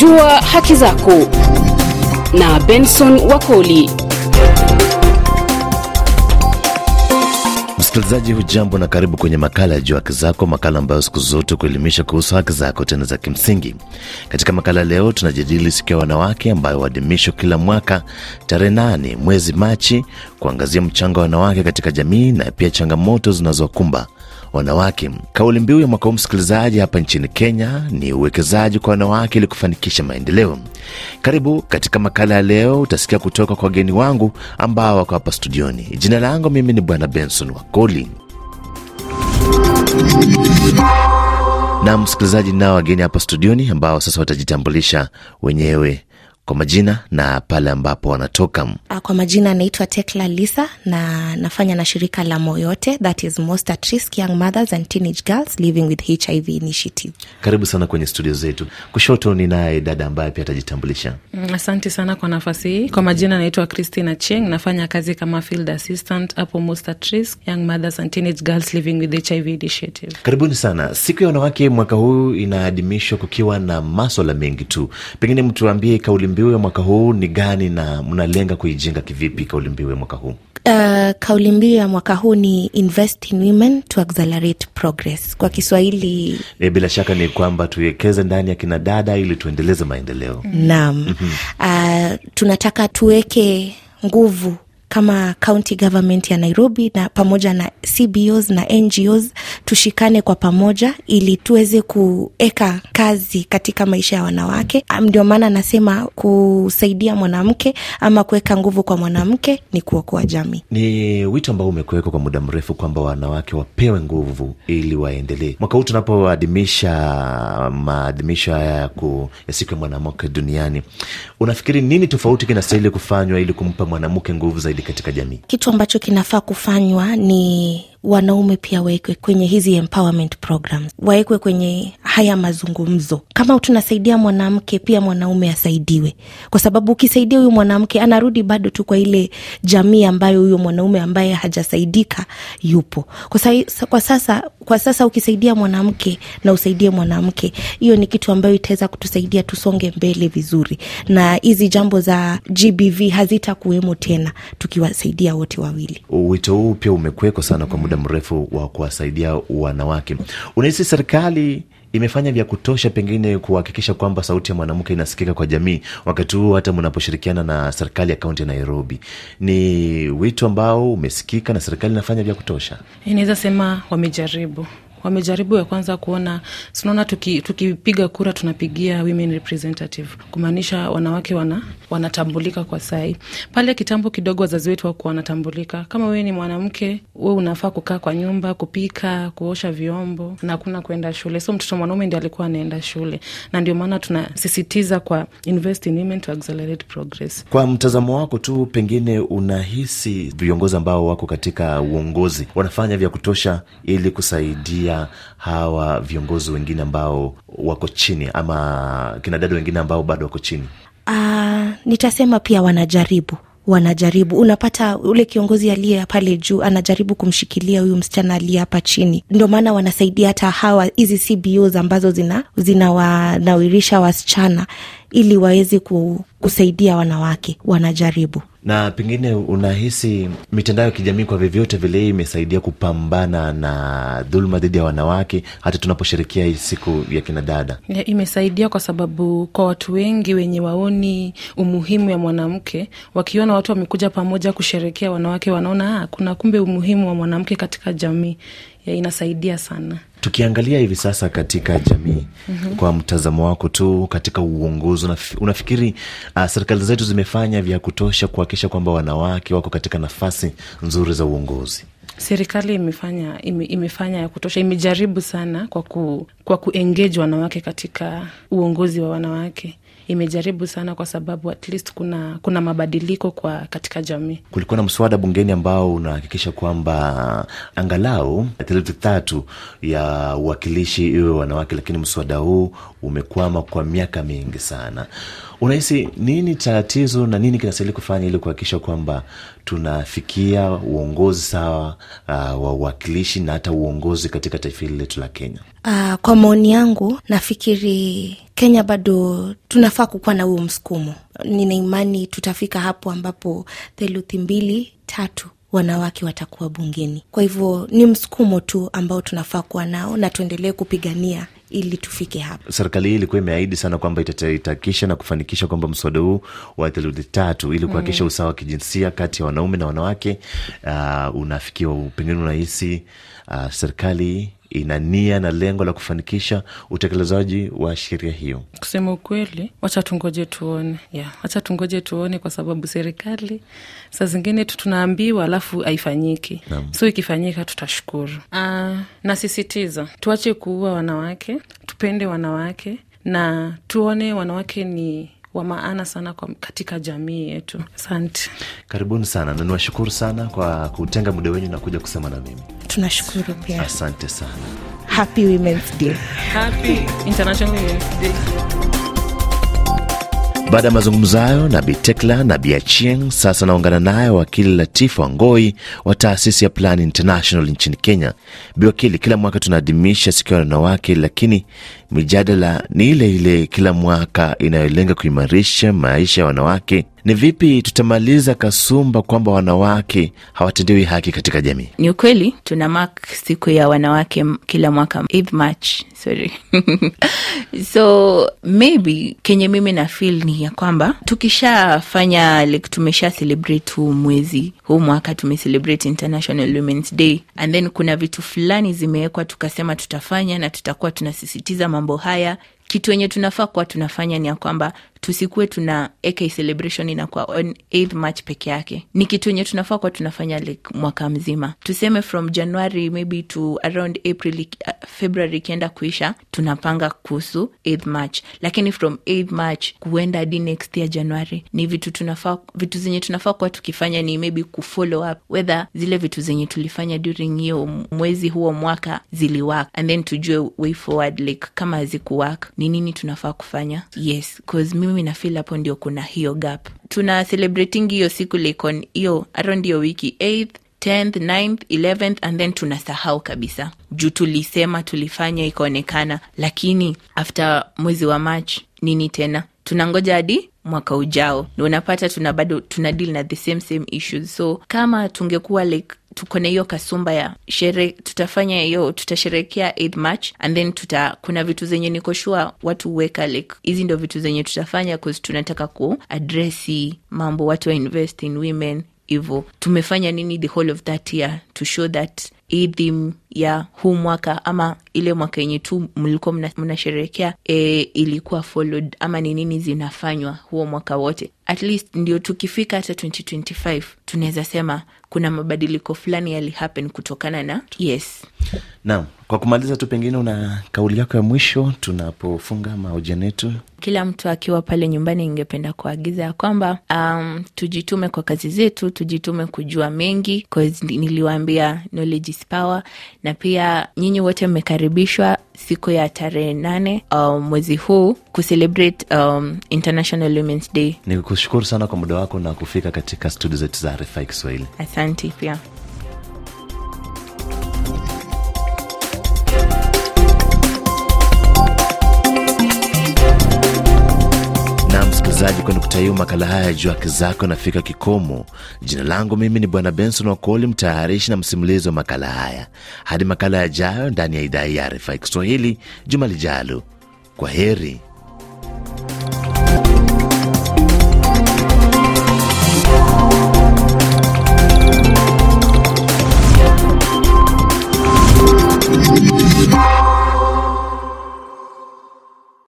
Jua haki zako na Benson Wakoli. Msikilizaji hujambo, na karibu kwenye makala ya Jua Haki Zako, makala ambayo siku zote kuelimisha kuhusu haki zako tena za kimsingi. Katika makala leo, tunajadili siku ya wanawake ambayo huadhimishwa kila mwaka tarehe nane mwezi Machi, kuangazia mchango wa wanawake katika jamii na pia changamoto zinazokumba wanawake. Kauli mbiu ya mwaka huu msikilizaji, hapa nchini Kenya ni uwekezaji kwa wanawake ili kufanikisha maendeleo. Karibu katika makala ya leo, utasikia kutoka kwa wageni wangu ambao wako hapa studioni. Jina langu mimi ni Bwana Benson Wakoli na msikilizaji, nao wageni hapa studioni ambao sasa watajitambulisha wenyewe kwa majina na pale ambapo wanatoka? Ah, kwa majina anaitwa Tekla Lisa na nafanya na shirika la Moyote, that is most at risk young mothers and teenage girls living with HIV initiative. Karibu sana kwenye studio zetu. Kushoto ninaye dada ambaye pia atajitambulisha. Mm, asante sana kwa nafasi hii. Kwa majina anaitwa Christina Cheng, nafanya kazi kama field assistant hapo most at risk young mothers and teenage girls living with HIV initiative. Karibuni sana. Siku ya wanawake mwaka huu inaadhimishwa kukiwa na maswala mengi tu, pengine mtuambie kauli kaulimbiu ya mwaka huu ni gani na mnalenga kuijenga kivipi kaulimbiu ya mwaka huu? Uh, kauli mbiu ya mwaka huu ni invest in women to accelerate progress. Kwa Kiswahili e, bila shaka ni kwamba tuwekeze ndani ya kinadada ili tuendeleze maendeleo. Naam. mm -hmm. Uh, tunataka tuweke nguvu kama county government ya Nairobi na pamoja na CBOs na NGOs tushikane kwa pamoja ili tuweze kuweka kazi katika maisha ya wanawake. Ah, ndio maana nasema kusaidia mwanamke ama kuweka nguvu kwa mwanamke ni kuokoa jamii. Ni wito ambao umekuwekwa kwa muda mrefu kwamba wanawake wapewe nguvu ili waendelee. Mwaka huu tunapoadhimisha maadhimisho haya ya siku ya mwanamke duniani, unafikiri nini tofauti kinastahili kufanywa ili kumpa mwanamke nguvu zaidi? zaidi katika jamii. Kitu ambacho kinafaa kufanywa ni wanaume pia wawekwe kwenye hizi empowerment programs, wawekwe kwenye haya mazungumzo. Kama tunasaidia mwanamke, pia mwanaume asaidiwe, kwa sababu ukisaidia huyu mwanamke anarudi bado tu kwa ile jamii ambayo huyo mwanaume ambaye hajasaidika yupo. Kwa, sa, kwa, sasa, kwa sasa ukisaidia mwanamke na usaidie mwanamke, hiyo ni kitu ambayo itaweza kutusaidia tusonge mbele vizuri, na hizi jambo za GBV hazitakuwemo tena tukiwasaidia wote wawili. Wito huu pia umekwekwa sana kwa muda mrefu wa kuwasaidia wanawake. Unahisi serikali imefanya vya kutosha pengine kuhakikisha kwamba sauti ya mwanamke inasikika kwa jamii, wakati huu hata mnaposhirikiana na serikali ya kaunti ya Nairobi? Ni wito ambao umesikika na serikali inafanya vya kutosha? Inaweza sema wamejaribu wamejaribu ya kwanza kuona sinaona tukipiga tuki kura tunapigia women representative kumaanisha wanawake wana, wanatambulika kwa sai pale kitambo kidogo wazazi wetu wakuwa wanatambulika kama wewe ni mwanamke we unafaa kukaa kwa nyumba kupika kuosha vyombo na kuna kuenda shule so mtoto mwanaume ndi alikuwa anaenda shule na ndio maana tunasisitiza kwa invest in women to accelerate progress kwa mtazamo wako tu pengine unahisi viongozi ambao wako katika uongozi wanafanya vya kutosha ili kusaidia pia hawa viongozi wengine ambao wako chini ama kinadada wengine ambao bado wako chini? Uh, nitasema pia wanajaribu wanajaribu unapata ule kiongozi aliye pale juu anajaribu kumshikilia huyu msichana aliye hapa chini. Ndio maana wanasaidia hata hawa hizi CBOs ambazo zinawanawirisha zina wasichana ili waweze kusaidia wanawake, wanajaribu na pengine unahisi mitandao ya kijamii kwa vyovyote vile imesaidia kupambana na dhuluma dhidi ya wanawake, hata tunaposherekea hii siku ya kinadada? Imesaidia kwa sababu kwa watu wengi wenye waoni umuhimu ya mwanamke, wakiona watu wamekuja pamoja kusherekea wanawake, wanaona ah, kuna kumbe umuhimu wa mwanamke katika jamii ya eh, inasaidia sana. Tukiangalia hivi sasa katika jamii mm -hmm. Kwa mtazamo wako tu katika uongozi, unafikiri uh, serikali zetu zimefanya vya kutosha kuhakikisha kwamba wanawake wako katika nafasi nzuri za uongozi? Serikali imefanya ime, imefanya ya kutosha, imejaribu sana kwa ku, kwa kuengage wanawake katika uongozi wa wanawake imejaribu sana, kwa sababu at least kuna, kuna mabadiliko kwa katika jamii. Kulikuwa na mswada bungeni ambao unahakikisha kwamba angalau theluthi tatu ya uwakilishi iwe wanawake, lakini mswada huu umekwama kwa miaka mingi sana. Unahisi nini tatizo na nini kinastahili kufanya ili kuhakikisha kwamba tunafikia uongozi sawa uh, wa uwakilishi na hata uongozi katika taifa hili letu la Kenya? Uh, kwa maoni yangu nafikiri Kenya bado tunafaa kukuwa na huo msukumo. Nina imani tutafika hapo ambapo theluthi mbili tatu wanawake watakuwa bungeni. Kwa hivyo ni msukumo tu ambao tunafaa kuwa nao na tuendelee kupigania ili tufike hapa. Serikali hii ilikuwa imeahidi sana kwamba itahakikisha na kufanikisha kwamba mswada huu wa theluthi tatu ili mm. kuhakikisha mm. usawa wa kijinsia kati ya wanaume na wanawake uh, unafikiwa. Pengine unahisi uh, serikali ina nia na lengo la kufanikisha utekelezaji wa sheria hiyo. Kusema ukweli, wacha tungoje tuone, yeah, wacha tungoje tuone, kwa sababu serikali saa zingine tu tunaambiwa alafu haifanyiki. So ikifanyika tutashukuru. Uh, nasisitiza tuache kuua wanawake, tupende wanawake na tuone wanawake ni wa maana sana kwa katika jamii yetu. Asante, karibuni sana na niwashukuru sana kwa kutenga muda wenyu na kuja kusema na mimi. Tunashukuru pia, asante sana. Happy Women's Day. Happy International Women's Day. Baada ya mazungumzo hayo na Bi Tekla na Biachieng, sasa naungana naye wakili Latifu Wangoi wa taasisi ya Plan International nchini Kenya. biwakili kila mwaka tunaadhimisha siku ya wanawake, lakini mijadala ni ile ile kila mwaka inayolenga kuimarisha maisha ya wanawake ni vipi tutamaliza kasumba kwamba wanawake hawatendewi haki katika jamii? Ni ukweli, tuna mark siku ya wanawake kila mwaka March, sorry. So maybe kenye mimi na feel ni ya kwamba tukishafanya like, tumesha celebrate huu mwezi huu mwaka tume celebrate International Women's Day and then kuna vitu fulani zimewekwa tukasema tutafanya na tutakuwa tunasisitiza mambo haya kitu yenye tunafaa kuwa tunafanya ni ya kwamba tusikuwe tuna AK celebration inakuwa on 8th March peke yake. Ni kitu enye tunafaa kuwa tunafanya like mwaka mzima, tuseme from January maybe to around April, uh, February ikienda kuisha, tunapanga kuhusu 8th March, lakini from 8th March kuenda hadi next year January ni vitu tunafaa, vitu zenye tunafaa kuwa tukifanya ni maybe kufollow up whether zile vitu zenye tulifanya during hiyo mwezi huo mwaka ziliwork, and then tujue way forward like kama hazikuwork ni nini tunafaa kufanya. Yes, cause mimi na fil hapo ndio kuna hiyo gap tuna celebrating hiyo siku likon hiyo around hiyo wiki 8th 10th 9th 11th and then tunasahau kabisa juu tulisema tulifanya ikaonekana lakini after mwezi wa march nini tena tunangoja hadi mwaka ujao unapata tuna bado tuna deal na the same same issues so kama tungekuwa like tuko na hiyo kasumba ya shere, tutafanya hiyo, tutasherekea Eid March and then tuta, kuna vitu zenye niko watu huweka like hizi ndo vitu zenye tutafanya cause tunataka ku adresi mambo watu wa invest in women hivo tumefanya nini the whole of that year to show that hii theme ya huu mwaka ama ile mwaka yenye tu mlikuwa mnasherehekea e, ilikuwa followed ama ni nini zinafanywa huo mwaka wote, at least ndio tukifika hata 2025 tunaweza sema kuna mabadiliko fulani yalihappen kutokana na yes. nam kwa kumaliza tu, pengine una kauli yako ya mwisho tunapofunga maojiano yetu? Kila mtu akiwa pale nyumbani, ingependa kuagiza ya kwamba um, tujitume kwa kazi zetu, tujitume kujua mengi, niliwaambia knowledge is power na pia nyinyi wote mmekaribishwa siku ya tarehe nane um, mwezi huu kucelebrate um, International Women's Day. Ni kushukuru sana kwa muda wako na kufika katika studio zetu za RFI Kiswahili. Asante pia. nukta hiyo, makala haya ya Jua Haki Zako yanafika kikomo. Jina langu mimi ni Bwana Benson Wakoli, mtayarishi na msimulizi wa makala haya. Hadi makala yajayo ndani ya idhaa ya RFI Kiswahili juma lijalo, kwa heri.